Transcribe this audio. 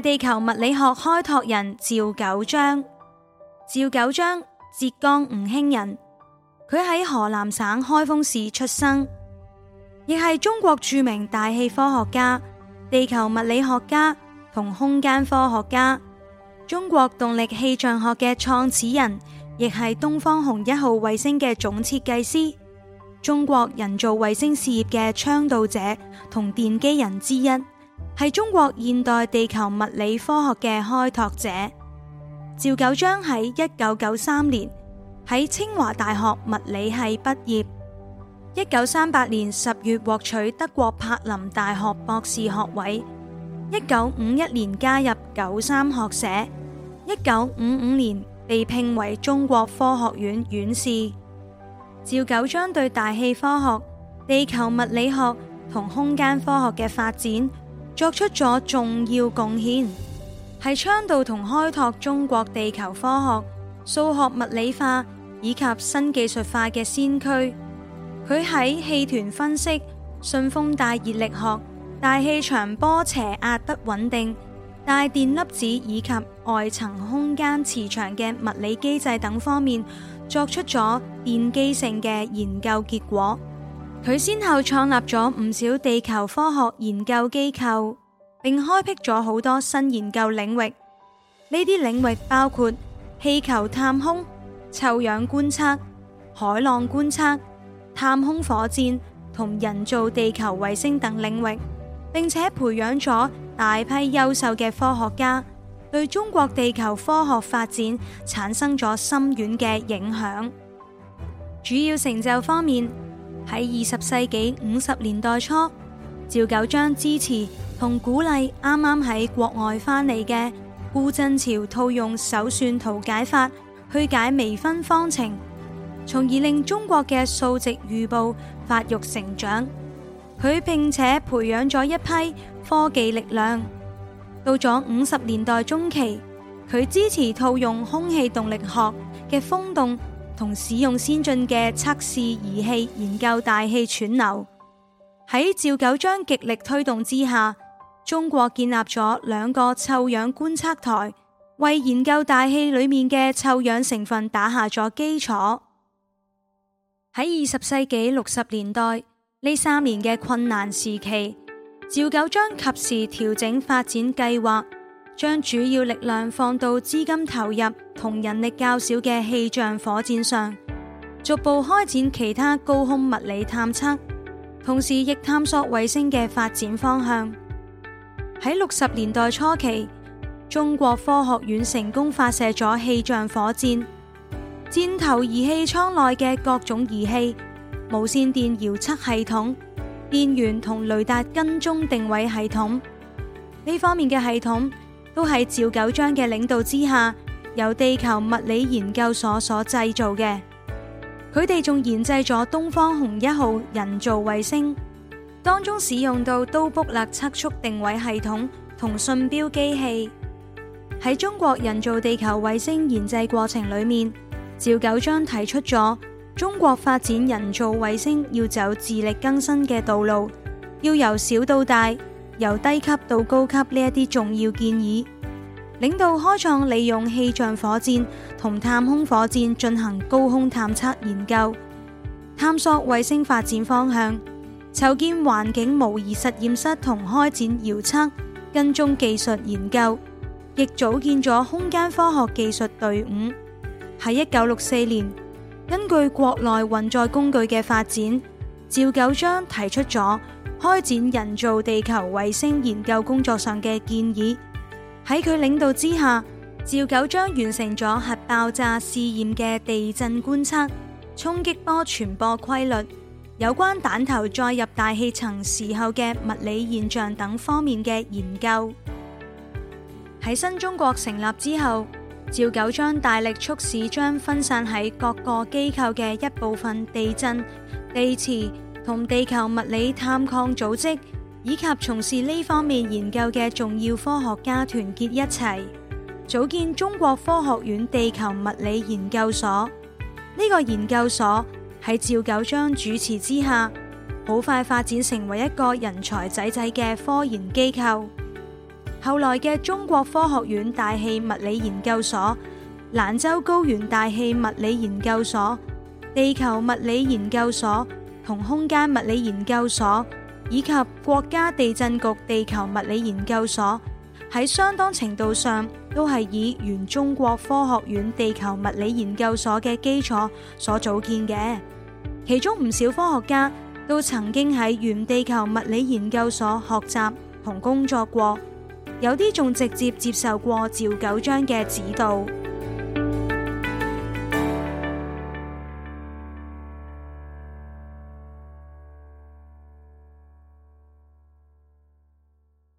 地球物理學開拓人趙九章，趙九章，浙江吳興人，佢喺河南省開封市出生，亦係中國著名大氣科學家、地球物理學家同空間科學家，中國動力氣象學嘅創始人，亦係東方紅一號衛星嘅總設計師，中國人造衛星事業嘅倡導者同奠基人之一。係中國現代地球物理科學嘅開拓者趙九章喺一九九三年喺清華大學物理系畢業，一九三八年十月獲取德國柏林大學博士學位，一九五一年加入九三學社，一九五五年被聘為中國科學院院士。趙九章對大氣科學、地球物理學同空間科學嘅發展。作出咗重要貢獻，係倡導同開拓中國地球科學、數學、物理化，以及新技術化嘅先驅。佢喺氣團分析、信風帶熱力學、大氣長波斜壓不穩定、帶電粒子以及外層空間磁場嘅物理機制等方面，作出咗奠基性嘅研究結果。佢先後創立咗唔少地球科學研究機構，並開闢咗好多新研究領域。呢啲領域包括氣球探空、臭氧觀測、海浪觀測、探空火箭同人造地球衛星等領域，並且培養咗大批優秀嘅科學家，對中國地球科學發展產生咗深遠嘅影響。主要成就方面。喺二十世紀五十年代初，趙九章支持同鼓勵啱啱喺國外翻嚟嘅顧振潮套用手算圖解法去解微分方程，從而令中國嘅數值預報發育成長。佢並且培養咗一批科技力量。到咗五十年代中期，佢支持套用空氣動力學嘅風洞。同使用先進嘅測試儀器研究大氣湍流，喺趙九章極力推動之下，中國建立咗兩個臭氧觀測台，為研究大氣裏面嘅臭氧成分打下咗基礎。喺二十世紀六十年代呢三年嘅困難時期，趙九章及時調整發展計劃。將主要力量放到資金投入同人力較少嘅氣象火箭上，逐步開展其他高空物理探測，同時亦探索衛星嘅發展方向。喺六十年代初期，中國科學院成功發射咗氣象火箭，箭頭儀器艙內嘅各種儀器、無線電遙測系統、電源同雷達跟蹤定位系統。呢方面嘅系統。都喺趙九章嘅領導之下，由地球物理研究所所製造嘅。佢哋仲研製咗東方紅一號人造衛星，當中使用到都卜勒測速定位系統同信標機器。喺中國人造地球衛星研製過程裏面，趙九章提出咗中國發展人造衛星要走自力更生嘅道路，要由小到大。由低級到高級呢一啲重要建議，領導開創利用氣象火箭同探空火箭進行高空探測研究，探索衛星發展方向，籌建環境模擬實驗室同開展遙測跟蹤技術研究，亦組建咗空間科學技術隊伍。喺一九六四年，根據國內運載工具嘅發展，趙九章提出咗。開展人造地球衛星研究工作上嘅建議，喺佢領導之下，趙九章完成咗核爆炸試驗嘅地震觀測、衝擊波傳播規律、有關彈頭再入大氣層時候嘅物理現象等方面嘅研究。喺新中國成立之後，趙九章大力促使將分散喺各個機構嘅一部分地震、地磁。同地球物理探礦組織以及從事呢方面研究嘅重要科學家團結一齊，組建中國科學院地球物理研究所。呢個研究所喺趙九章主持之下，好快發展成為一個人才濟濟嘅科研機構。後來嘅中國科學院大氣物理研究所、蘭州高原大氣物理研究所、地球物理研究所，同空間物理研究所以及國家地震局地球物理研究所喺相當程度上都係以原中國科學院地球物理研究所嘅基礎所組建嘅，其中唔少科學家都曾經喺原地球物理研究所學習同工作過，有啲仲直接接受過趙九章嘅指導。